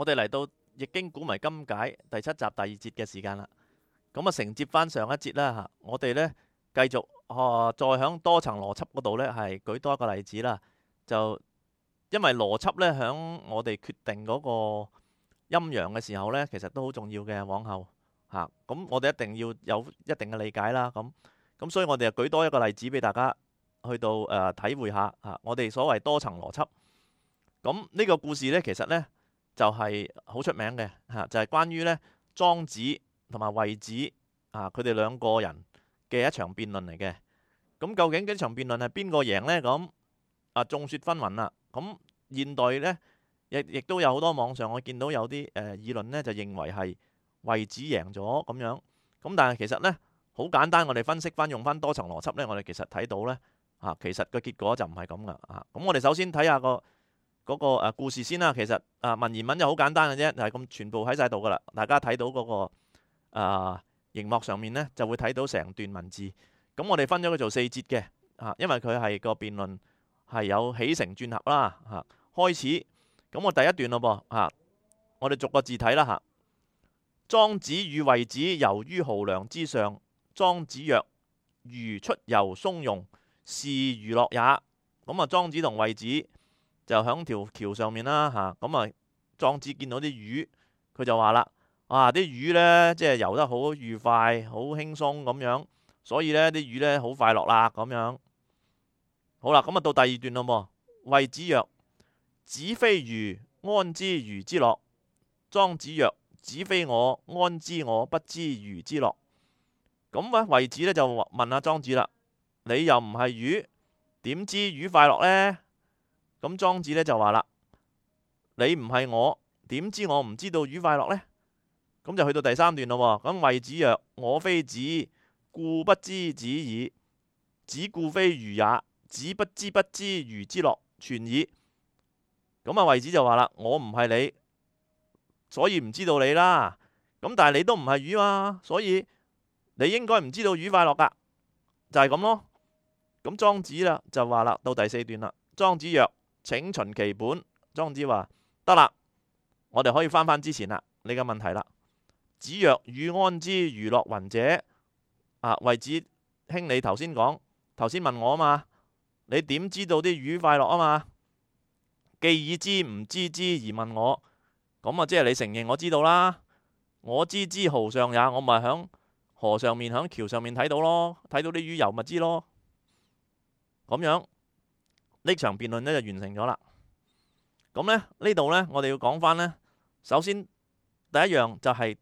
我哋嚟到《易經古謎今解》第七集第二節嘅時間啦，咁啊承接翻上一節啦吓，我哋呢，繼續、啊、再響多層邏輯嗰度呢，係舉多一個例子啦。就因為邏輯呢，響我哋決定嗰個陰陽嘅時候呢，其實都好重要嘅。往後吓咁，我哋一定要有一定嘅理解啦。咁咁，所以我哋就舉多一個例子俾大家去到誒、呃、體會下吓、啊，我哋所謂多層邏輯。咁呢個故事呢，其實呢。就係、是、好出名嘅就係關於呢莊子同埋惠子啊，佢哋兩個人嘅一場辯論嚟嘅。咁究竟呢場辯論係邊個贏呢？咁啊眾說紛紜啦。咁現代呢，亦亦都有好多網上我見到有啲誒、呃、議論呢，就認為係惠子贏咗咁樣。咁但係其實呢，好簡單，我哋分析返用返多層邏輯呢，我哋其實睇到呢，啊、其實個結果就唔係咁噶。咁我哋首先睇下個。嗰、那個故事先啦、啊，其實誒文言文就好簡單嘅啫，就係咁全部喺晒度噶啦。大家睇到嗰、那個誒熒、呃、幕上面呢，就會睇到成段文字。咁我哋分咗佢做四節嘅，嚇，因為佢係個辯論，係有起承轉合啦，嚇。開始，咁我第一段咯噃，嚇，我哋逐個字睇啦嚇。莊子與惠子遊於濠梁之上。莊子曰：鯈魚出遊從容，是魚樂也。咁啊，莊子同惠子，就喺條橋上面啦，吓，咁啊莊子見到啲魚，佢就話啦：「啊，啲魚呢，即係游得好愉快、好輕鬆咁樣，所以呢啲魚呢，好快樂啦咁樣。好啦，咁啊到第二段啦，惠子曰：子非魚，安知魚之樂？莊子曰：子非我，安知我不知魚之樂？咁啊惠子呢，就問下莊子啦：你又唔係魚，點知魚快樂呢？」咁莊子咧就話啦，你唔係我，點知我唔知道魚快樂呢？咁就去到第三段咯。咁惠子曰：我非子，故不知子矣；子固非魚也，子不知不知魚之樂，全矣。咁啊惠子就話啦，我唔係你，所以唔知道你啦。咁但係你都唔係魚嘛，所以你應該唔知道魚快樂噶，就係咁咯。咁莊子啦就話啦，到第四段啦。莊子曰。請循其本，莊子話得啦，我哋可以返返之前啦，你嘅問題啦。子曰：予安知魚樂云者？啊，惠子兄，你頭先講，頭先問我啊嘛，你點知道啲魚快樂啊嘛？既已知吾知之而問我，咁啊，即係你承認我知道啦。我知之濠上也，我咪響河上面、響橋上面睇到咯，睇到啲魚游咪知咯，咁樣。呢場辯論呢就完成咗啦。咁呢呢度呢，我哋要講翻呢。首先第一樣就係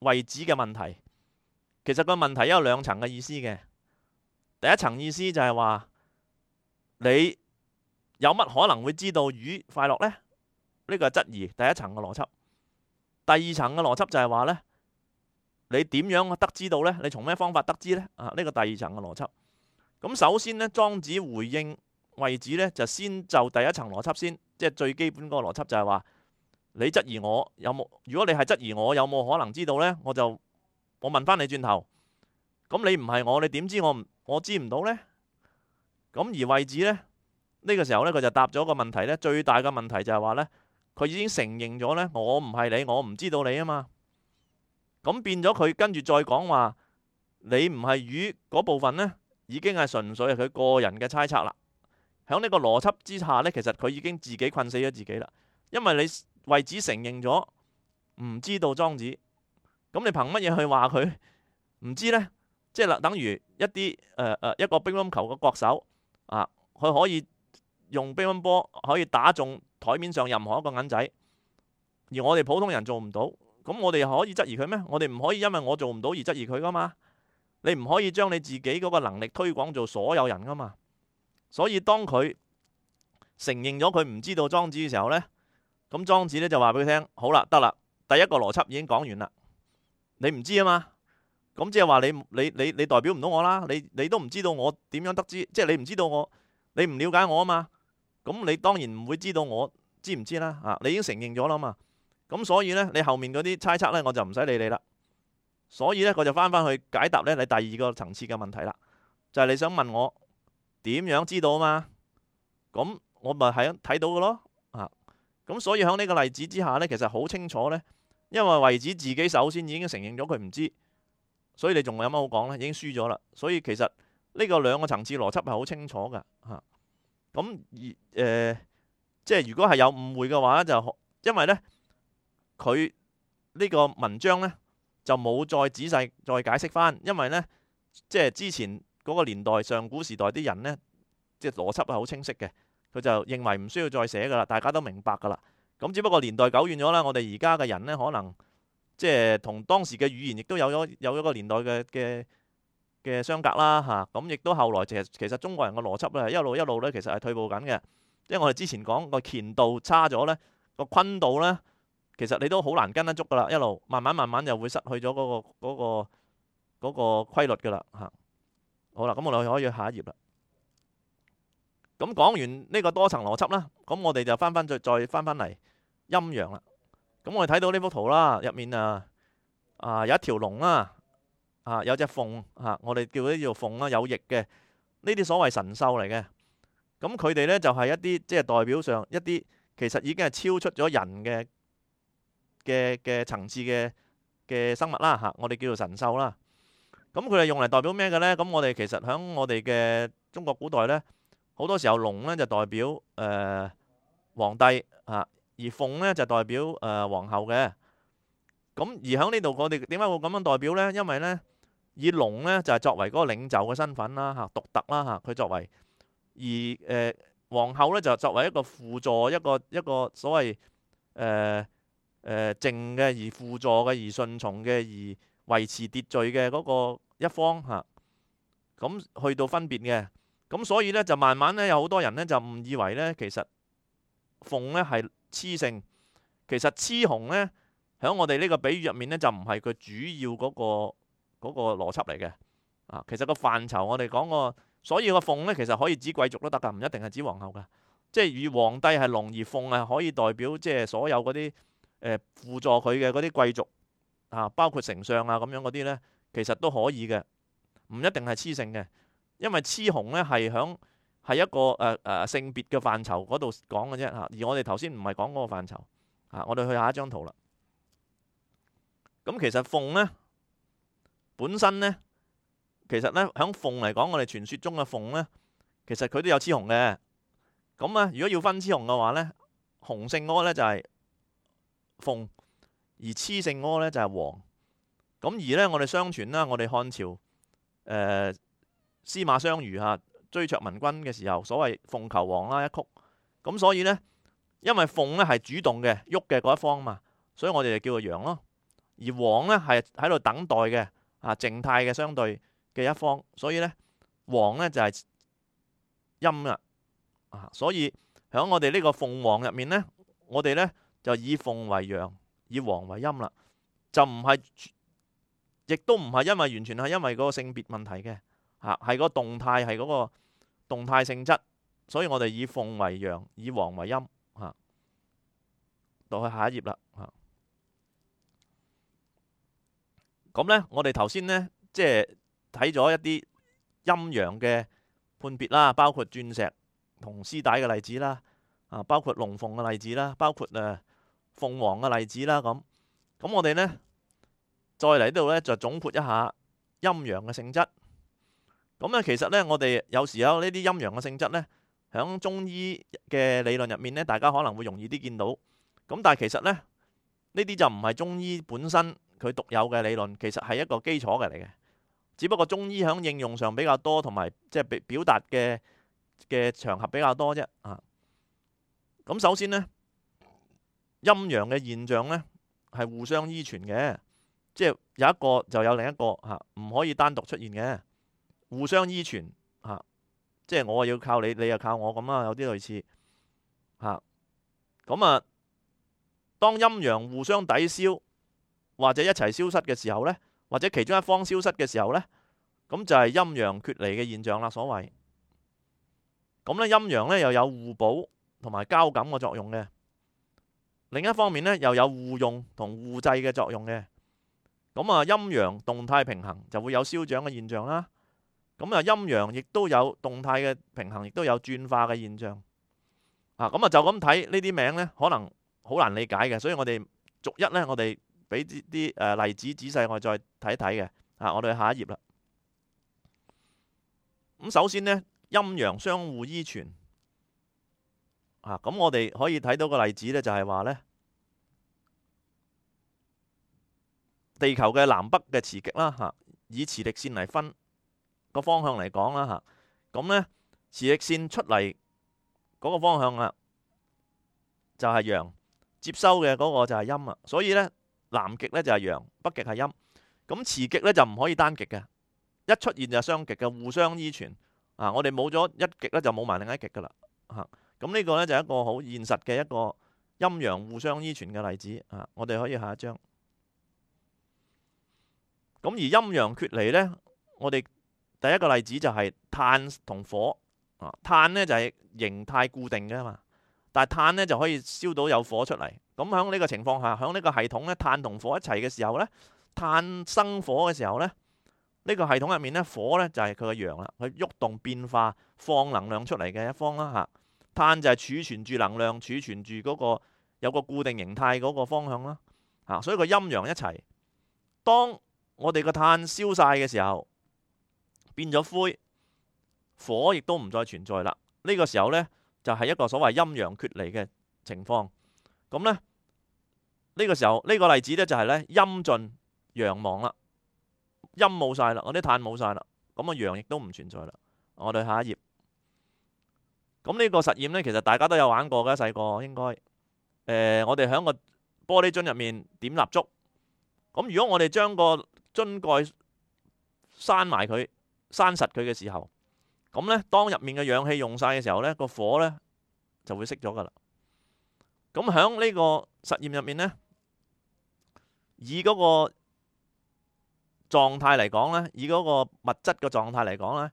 位置嘅問題。其實個問題有兩層嘅意思嘅。第一層意思就係話你有乜可能會知道魚快樂呢？呢個係質疑第一層嘅邏輯。第二層嘅邏輯就係話呢，你點樣得知到呢？你從咩方法得知呢？啊，呢個第二層嘅邏輯。咁首先呢，莊子回應。位置呢，就先就第一層邏輯先，即係最基本嗰個邏輯就係話你質疑我有冇？如果你係質疑我有冇可能知道呢？我就我問翻你轉頭，咁你唔係我，你點知我唔我知唔到呢？」咁而位置呢，呢個時候呢，佢就答咗個問題呢，最大嘅問題就係話呢，佢已經承認咗呢：「我唔係你，我唔知道你啊嘛。咁變咗佢跟住再講話你唔係魚嗰部分呢，已經係純粹係佢個人嘅猜測啦。喺呢個邏輯之下呢，其實佢已經自己困死咗自己啦。因為你惠子承認咗唔知道莊子，咁你憑乜嘢去話佢唔知呢？即係啦，等於一啲誒誒一個乒乓球嘅國手啊，佢可以用乒乓波可以打中台面上任何一個銀仔，而我哋普通人做唔到，咁我哋可以質疑佢咩？我哋唔可以因為我做唔到而質疑佢噶嘛？你唔可以將你自己嗰個能力推廣做所有人噶嘛？所以當佢承認咗佢唔知道莊子嘅時候呢，咁莊子呢就話俾佢聽：好啦，得啦，第一個邏輯已經講完啦。你唔知啊嘛，咁即係話你你你你代表唔到我啦。你你都唔知道我點樣得知，即係你唔知道我，你唔了解我啊嘛。咁你當然唔會知道我知唔知啦。啊，你已經承認咗啦嘛。咁所以呢，你後面嗰啲猜測呢，我就唔使理你啦。所以呢，我就翻返去解答呢你第二個層次嘅問題啦。就係你想問我。點樣知道嘛？咁我咪係睇到嘅咯，啊、嗯！咁所以喺呢個例子之下呢，其實好清楚呢，因為衛子自己首先已經承認咗佢唔知道，所以你仲有乜好講呢？已經輸咗啦，所以其實呢個兩個層次邏輯係好清楚嘅，吓、嗯。咁而誒、呃，即係如果係有誤會嘅話就，就因為呢，佢呢個文章呢，就冇再仔細再解釋翻，因為呢，即係之前。嗰個年代，上古時代啲人呢，即係邏輯係好清晰嘅。佢就認為唔需要再寫噶啦，大家都明白噶啦。咁只不過年代久遠咗啦。我哋而家嘅人呢，可能即係同當時嘅語言亦都有咗有咗個年代嘅嘅嘅相隔啦。嚇，咁亦都後來其實，其實中國人嘅邏輯咧一路一路咧其實係退步緊嘅，因為我哋之前講個乾度差咗呢，個坤度呢，其實你都好難跟得足噶啦。一路慢慢慢慢就會失去咗嗰個，嗰個，個，個規律噶啦嚇。好啦，咁我哋可以下一頁啦。咁講完呢個多層邏輯啦，咁我哋就翻翻再再翻返嚟陰陽啦。咁我哋睇到呢幅圖啦，入面啊啊有一條龍啦，啊有隻鳳啊，我哋叫呢條鳳啦，有翼嘅，呢啲所謂神獸嚟嘅。咁佢哋呢就係一啲即係代表上一啲其實已經係超出咗人嘅嘅嘅層次嘅嘅生物啦吓，我哋叫做神獸啦。咁佢係用嚟代表咩嘅呢？咁我哋其實喺我哋嘅中國古代呢，好多時候龍呢就代表誒皇帝嚇，而鳳呢就代表誒皇后嘅。咁而喺呢度我哋點解會咁樣代表呢？因為呢以龍呢就係作為嗰個領袖嘅身份啦嚇，獨特啦嚇，佢作為而誒皇后呢就作為一個輔助一個一個所謂誒誒靜嘅而輔助嘅而順從嘅而。維持秩序嘅嗰個一方吓，咁去到分別嘅，咁所以呢，就慢慢呢，有好多人呢，就誤以為呢，其實鳳呢係雌性，其實雌雄呢，響我哋呢個比喻入面呢，就唔係佢主要嗰個嗰個邏輯嚟嘅啊。其實個範疇我哋講個，所以個鳳呢，其實可以指貴族都得噶，唔一定係指皇后噶，即係與皇帝係龍而鳳係，可以代表即係所有嗰啲誒輔助佢嘅嗰啲貴族。啊，包括丞相啊咁樣嗰啲呢，其實都可以嘅，唔一定係雌性嘅，因為雌雄呢係響係一個誒誒、呃、性別嘅範疇嗰度講嘅啫嚇。而我哋頭先唔係講嗰個範疇，啊，我哋去下一張圖啦。咁其實鳳呢本身呢，其實呢，響鳳嚟講，我哋傳說中嘅鳳呢，其實佢都有雌雄嘅。咁啊，如果要分雌雄嘅話呢，雄性嗰個呢就係、是、鳳。而雌性鵲，咧就係凰，咁，而咧我哋相傳啦，我哋漢朝誒、呃、司馬相如嚇追卓文君嘅時候，所謂鳳求凰啦一曲咁，所以咧因為鳳咧係主動嘅喐嘅嗰一方嘛，所以我哋就叫做陽咯。而凰咧係喺度等待嘅啊靜態嘅相對嘅一方，所以咧凰咧就係、是、陰啦啊。所以喺我哋呢個鳳凰入面咧，我哋咧就以鳳為陽。以黃為陰啦，就唔係，亦都唔係，因為完全係因為個性別問題嘅，吓係個動態，係嗰個動態性質，所以我哋以鳳為陽，以黃為陰，吓，到去下一頁啦，吓，咁咧，我哋頭先咧，即係睇咗一啲陰陽嘅判別啦，包括鑽石同絲帶嘅例子啦，啊，包括龍鳳嘅例子啦，包括誒。鳳凰嘅例子啦，咁咁我哋呢，再嚟呢度呢，就總括一下陰陽嘅性質。咁呢其實呢，我哋有時候呢啲陰陽嘅性質呢，喺中醫嘅理論入面呢，大家可能會容易啲見到。咁但係其實呢，呢啲就唔係中醫本身佢獨有嘅理論，其實係一個基礎嘅嚟嘅。只不過中醫喺應用上比較多，同埋即係表達嘅嘅場合比較多啫。啊，咁首先呢。陰陽嘅現象呢係互相依存嘅，即係有一個就有另一個吓，唔可以單獨出現嘅，互相依存吓，即係我又要靠你，你又靠我咁啊，有啲類似吓。咁啊，當陰陽互相抵消或者一齊消失嘅時候呢，或者其中一方消失嘅時候呢，咁就係陰陽脫離嘅現象啦。所謂咁呢，陰陽呢又有互補同埋交感嘅作用嘅。另一方面呢，又有互用同互制嘅作用嘅，咁啊，陰陽動態平衡就會有消長嘅現象啦。咁啊，陰陽亦都有動態嘅平衡，亦都有轉化嘅現象。啊，咁啊，就咁睇呢啲名呢，可能好難理解嘅，所以我哋逐一呢，我哋俾啲啲誒例子，仔細我再睇睇嘅。啊，我哋下一頁啦。咁首先呢，陰陽相互依存。啊，咁我哋可以睇到個例子咧，就係話呢地球嘅南北嘅磁極啦，吓、啊、以磁力線嚟分個方向嚟講啦，吓咁呢磁力線出嚟嗰個方向啊，就係陽，接收嘅嗰個就係陰啊，所以呢，南極呢就係陽，北極係陰，咁磁極呢就唔可以單極嘅，一出現就雙極嘅，互相依存啊。我哋冇咗一極呢，就冇埋另一極噶啦，吓、啊。咁、這、呢個呢，就係一個好現實嘅一個陰陽互相依存嘅例子啊！我哋可以下一張。咁而陰陽決離呢，我哋第一個例子就係炭同火啊。炭呢就係形態固定嘅嘛，但係炭呢就可以燒到有火出嚟。咁喺呢個情況下，喺呢個系統呢，炭同火一齊嘅時候呢，炭生火嘅時候呢，呢個系統入面呢，火呢就係佢嘅陽啦，佢喐動變化、放能量出嚟嘅一方啦吓。碳就係儲存住能量，儲存住嗰個有個固定形態嗰個方向啦，啊，所以個陰陽一齊。當我哋個碳燒晒嘅時候，變咗灰，火亦都唔再存在啦。呢、呢個時候呢，就係、係、一個所謂陰陽決離嘅情況。咁呢，呢、呢個時候呢、呢個例子呢，就係咧陰盡陽亡啦。陰冇晒啦，我啲碳冇晒啦，咁、嗰個陽亦都唔存在啦。我哋下一頁。咁呢個實驗呢，其實大家都有玩過嘅，細個應該、呃。我哋喺個玻璃樽入面點蠟燭。咁如果我哋將個樽蓋閂埋佢，閂實佢嘅時候，咁呢當入面嘅氧氣用晒嘅時候呢，個火呢就會熄咗噶啦。咁喺呢個實驗入面呢，以嗰個狀態嚟講呢，以嗰個物質嘅狀態嚟講呢，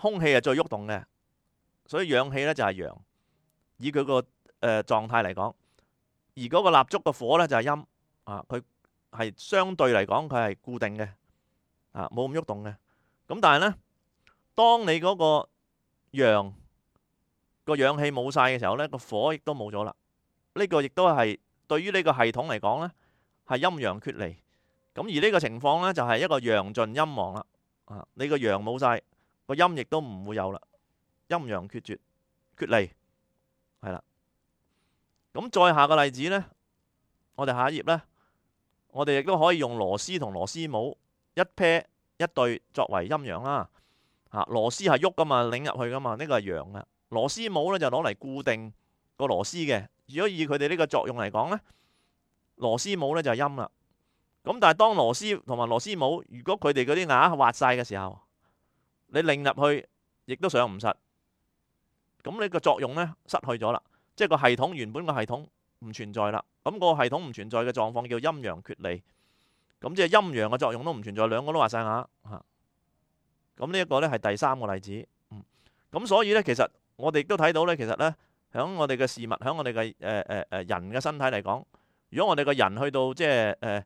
空氣係最喐動嘅。所以氧氣咧就係陽，以佢個誒狀態嚟講，而嗰個蠟燭個火咧就係陰，啊佢係相對嚟講佢係固定嘅，啊冇咁喐動嘅。咁但係咧，當你嗰個陽個氧氣冇曬嘅時候咧，個火亦都冇咗啦。呢個亦都係對於呢個系統嚟講咧，係陰陽缺離。咁而呢個情況咧就係一個陽盡陰亡啦。啊，你個陽冇曬，個陰亦都唔會有啦。陰陽決絕、決離係啦。咁再下個例子呢，我哋下一頁呢，我哋亦都可以用螺絲同螺絲母一撇一對作為陰陽啦。吓，螺絲係喐噶嘛，擰入去噶嘛，呢個係陽啊。螺絲母呢就攞嚟固定個螺絲嘅。如果以佢哋呢個作用嚟講呢，螺絲母呢就係陰啦。咁但係當螺絲同埋螺絲母如果佢哋嗰啲牙滑晒嘅時候，你擰入去亦都上唔實。咁你個作用咧失去咗啦，即係個系統，原本個系統唔存在啦。咁嗰個系統唔存在嘅狀況叫陰陽決離，咁即係陰陽嘅作用都唔存在，兩個都話晒啊嚇。咁呢一個咧係第三個例子。嗯，咁所以咧其實我哋都睇到咧，其實咧喺我哋嘅事物，喺我哋嘅、呃呃、人嘅身體嚟講，如果我哋個人去到即係誒、呃、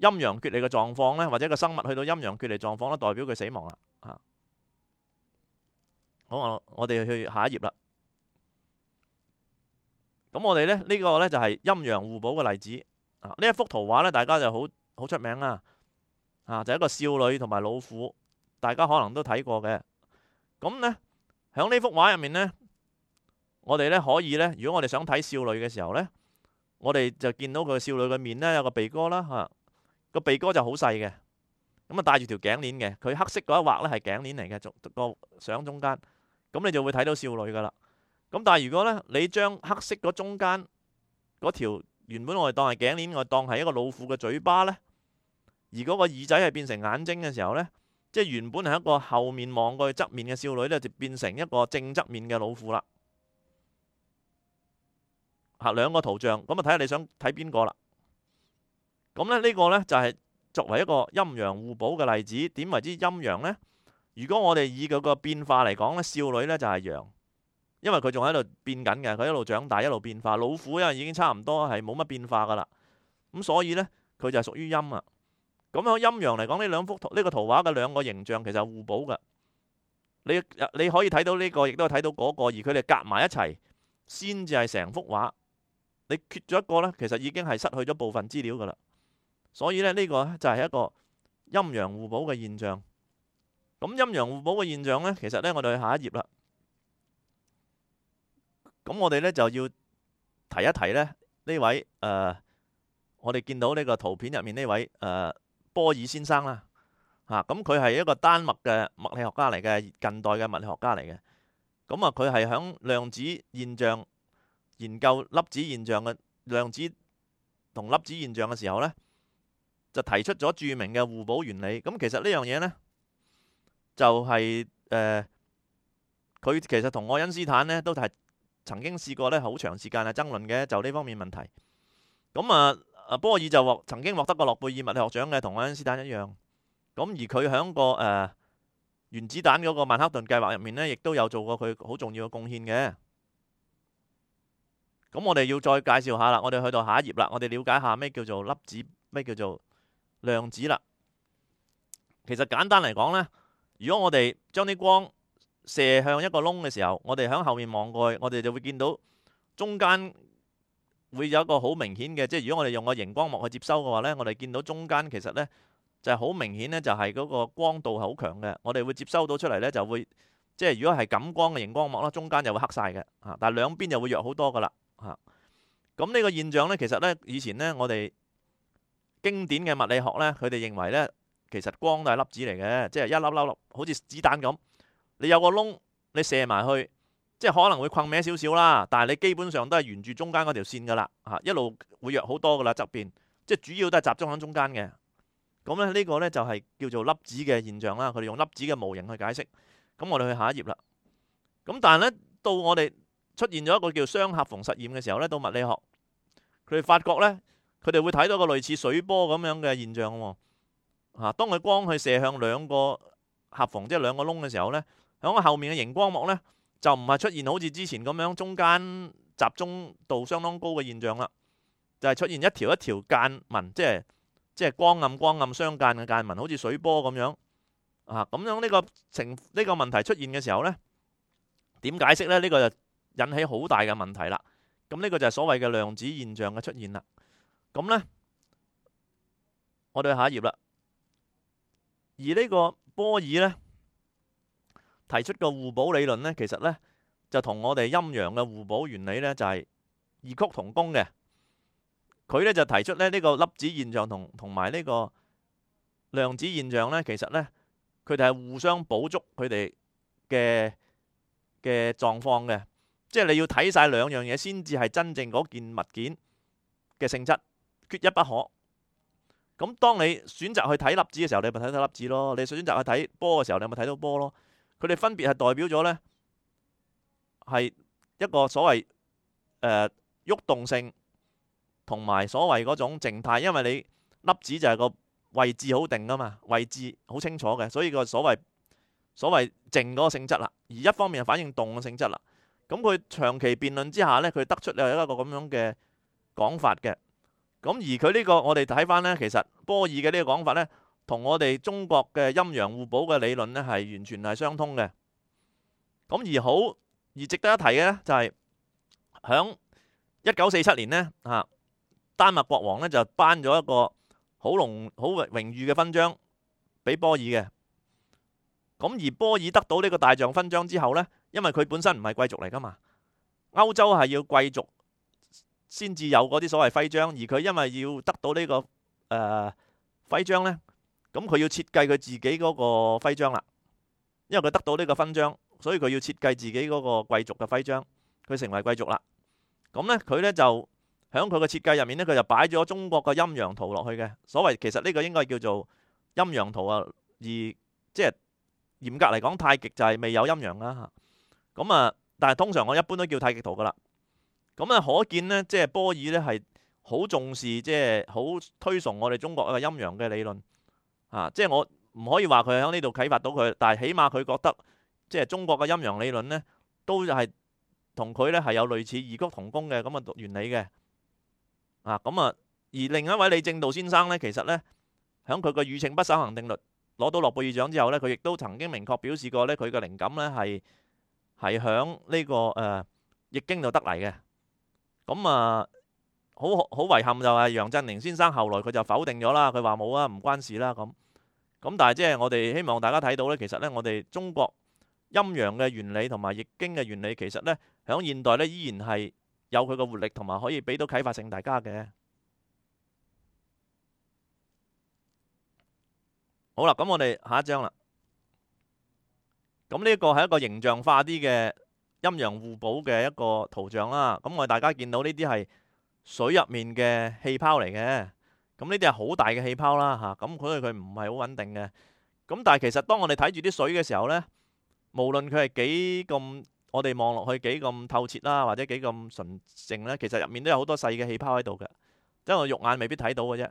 陰陽決離嘅狀況咧，或者個生物去到陰陽決離狀況咧，代表佢死亡啦嚇。好我哋去下一頁啦。咁我哋咧呢個呢，這個、就係陰陽互補嘅例子啊！呢一幅圖畫咧，大家就好好出名啦，啊。啊，就係、一個少女同埋老虎，大家可能都睇過嘅。咁呢，響呢幅畫入面呢，我哋呢可以呢，如果我哋想睇少女嘅時候呢，我哋就見到佢少女嘅面呢，有個鼻哥啦吓，個鼻哥就好細嘅。咁啊，戴住、嗯、條頸鏈嘅，佢黑色嗰一畫呢，係頸鏈嚟嘅，仲個相中間。咁你就會睇到少女噶啦。咁但係如果咧，你將黑色嗰中間嗰條原本我哋當係頸鏈，我當係一個老虎嘅嘴巴呢，而嗰個耳仔係變成眼睛嘅時候呢，即係原本係一個後面望過去側面嘅少女呢，就變成一個正側面嘅老虎啦。吓，兩個圖像，咁啊睇下你想睇邊個啦。咁咧呢個呢，就係作為一個陰陽互補嘅例子。點為之陰陽呢？如果我哋以嗰個變化嚟講呢，少女呢就係陽，因為佢仲喺度變緊嘅，佢一路長大一路變化。老虎因為已經差唔多係冇乜變化噶啦，咁所以呢，佢就係屬於陰啊。咁喺陰陽嚟講，呢兩幅圖呢個圖畫嘅兩個形象其實係互補嘅。你你可以睇到呢、這個，亦都睇到嗰個，而佢哋夾埋一齊先至係成幅畫。你缺咗一個呢，其實已經係失去咗部分資料噶啦。所以呢，呢個就係一個陰陽互補嘅現象。咁陰陽互補嘅現象呢，其實呢我哋去下一頁啦。咁我哋呢就要提一提呢呢位誒，我哋見到呢個圖片入面呢位誒波爾先生啦，吓咁佢係一個丹麥嘅物理學家嚟嘅，近代嘅物理學家嚟嘅。咁啊佢係響量子現象研究粒子現象嘅量子同粒子現象嘅時候呢，就提出咗著名嘅互補原理。咁其實呢樣嘢呢。就係、是、誒，佢、呃、其實同愛因斯坦呢，都係曾經試過呢好長時間係爭論嘅就呢方面問題。咁啊，阿波爾就曾經獲得過諾貝爾物理學獎嘅，同愛因斯坦一樣。咁而佢響個誒、呃、原子彈嗰個曼克頓計劃入面呢，亦都有做過佢好重要嘅貢獻嘅。咁我哋要再介紹下啦，我哋去到下一頁啦，我哋了解下咩叫做粒子，咩叫做量子啦。其實簡單嚟講呢。如果我哋將啲光射向一個窿嘅時候，我哋喺後面望過去，我哋就會見到中間會有一個好明顯嘅。即係如果我哋用個熒光幕去接收嘅話呢，我哋見到中間其實呢就係好明顯呢就係嗰個光度係好強嘅。我哋會接收到出嚟呢，就會即係如果係感光嘅熒光幕啦，中間就會黑晒嘅。嚇！但係兩邊就會弱好多噶啦。嚇！咁呢個現象呢，其實呢以前呢，我哋經典嘅物理學呢，佢哋認為呢。其實光都係粒子嚟嘅，即係一粒粒粒，好似子彈咁。你有個窿，你射埋去，即係可能會困歪少少啦。但係你基本上都係沿住中間嗰條線噶啦，一路會弱好多噶啦，側邊，即係主要都係集中喺中間嘅。咁咧呢個呢，就係叫做粒子嘅現象啦。佢哋用粒子嘅模型去解釋。咁我哋去下一頁啦。咁但係呢，到我哋出現咗一個叫雙狹縫實驗嘅時候呢，到物理學佢哋發覺呢，佢哋會睇到個類似水波咁樣嘅現象。吓，當佢光去射向兩個狹縫，即係兩個窿嘅時候咧，響個後面嘅熒光幕咧，就唔係出現好似之前咁樣中間集中度相當高嘅現象啦，就係出現一條一條間紋，即係即係光暗光暗相間嘅間紋，好似水波咁樣啊！咁樣呢個情呢個問題出現嘅時候咧，點解釋咧？呢個就引起好大嘅問題啦。咁呢個就係所謂嘅量子現象嘅出現啦。咁咧，我哋去下一頁啦。而呢個波爾咧提出個互補理論咧，其實咧就同我哋陰陽嘅互補原理咧，就係異曲同工嘅。佢咧就提出咧呢個粒子現象同同埋呢個量子現象咧，其實咧佢哋係互相補足佢哋嘅嘅狀況嘅。即係你要睇晒兩樣嘢先至係真正嗰件物件嘅性質，缺一不可。咁當你選擇去睇粒子嘅時候，你咪睇睇粒子咯；你選擇去睇波嘅時候，你咪睇到波咯。佢哋分別係代表咗呢，係一個所謂誒喐動性同埋所謂嗰種靜態，因為你粒子就係個位置好定噶嘛，位置好清楚嘅，所以個所謂所謂靜嗰個性質啦。而一方面係反映動嘅性質啦。咁佢長期辯論之下呢，佢得出咗一個咁樣嘅講法嘅。咁而佢呢個我哋睇翻咧，其實波爾嘅呢個講法咧，同我哋中國嘅陰陽互補嘅理論咧，係完全係相通嘅。咁而好而值得一提嘅咧，就係響一九四七年咧，啊丹麥國王咧就頒咗一個好隆好榮譽嘅勛章俾波爾嘅。咁而波爾得到呢個大象勛章之後咧，因為佢本身唔係貴族嚟噶嘛，歐洲係要貴族。先至有嗰啲所謂徽章，而佢因為要得到呢、個誒、呃、徽章呢，咁佢要設計佢自己嗰個徽章啦。因為佢得到呢個勛章，所以佢要設計自己嗰個貴族嘅徽章，佢成為貴族啦。咁呢，佢呢就喺佢嘅設計入面呢，佢就擺咗中國嘅陰陽圖落去嘅。所謂其實呢個應該叫做陰陽圖啊，而即係、就是、嚴格嚟講，太極就係未有陰陽啦。咁啊，但係通常我一般都叫太極圖噶啦。咁啊，可見呢，即係波爾呢係好重視，即係好推崇我哋中國嘅陰陽嘅理論啊！即係我唔可以話佢喺呢度啟發到佢，但係起碼佢覺得即係中國嘅陰陽理論呢，都係同佢呢係有類似異曲同工嘅咁嘅原理嘅啊！咁啊，而另一位李政道先生呢，其實呢，喺佢嘅宇稱不守恒定律攞到諾貝爾獎之後呢，佢亦都曾經明確表示過呢，佢嘅靈感呢係係響呢個誒、呃《易經》度得嚟嘅。咁啊，好好遺憾就係楊振寧先生後來佢就否定咗啦，佢話冇啊，唔關事啦咁。咁但係即係我哋希望大家睇到呢，其實呢，我哋中國陰陽嘅原理同埋易經嘅原理，其實呢，響現代呢，依然係有佢個活力同埋可以俾到啟發性大家嘅。好啦，咁我哋下一章啦。咁呢個係一個形象化啲嘅，陰陽互補嘅一個圖像啦，咁我哋大家見到呢啲係水入面嘅氣泡嚟嘅，咁呢啲係好大嘅氣泡啦，吓，咁所以佢唔係好穩定嘅。咁但係其實當我哋睇住啲水嘅時候呢，無論佢係幾咁，我哋望落去幾咁透徹啦，或者幾咁純淨呢，其實入面都有好多細嘅氣泡喺度嘅，即係我肉眼未必睇到嘅啫。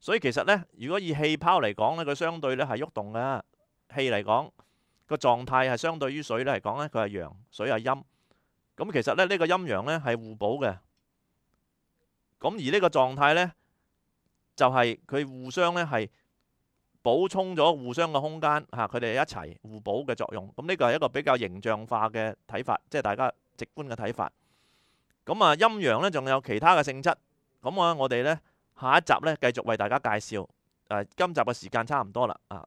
所以其實呢，如果以氣泡嚟講呢，佢相對呢係喐動嘅氣嚟講。個狀態係相對於水咧嚟講呢，佢係陽，水係陰。咁其實呢呢個陰陽呢係互補嘅。咁而呢個狀態呢就係佢互相呢係補充咗互相嘅空間吓，佢哋一齊互補嘅作用。咁呢個係一個比較形象化嘅睇法，即係大家直觀嘅睇法。咁啊，陰陽呢仲有其他嘅性質。咁啊，我哋呢下一集呢繼續為大家介紹。誒，今集嘅時間差唔多啦啊！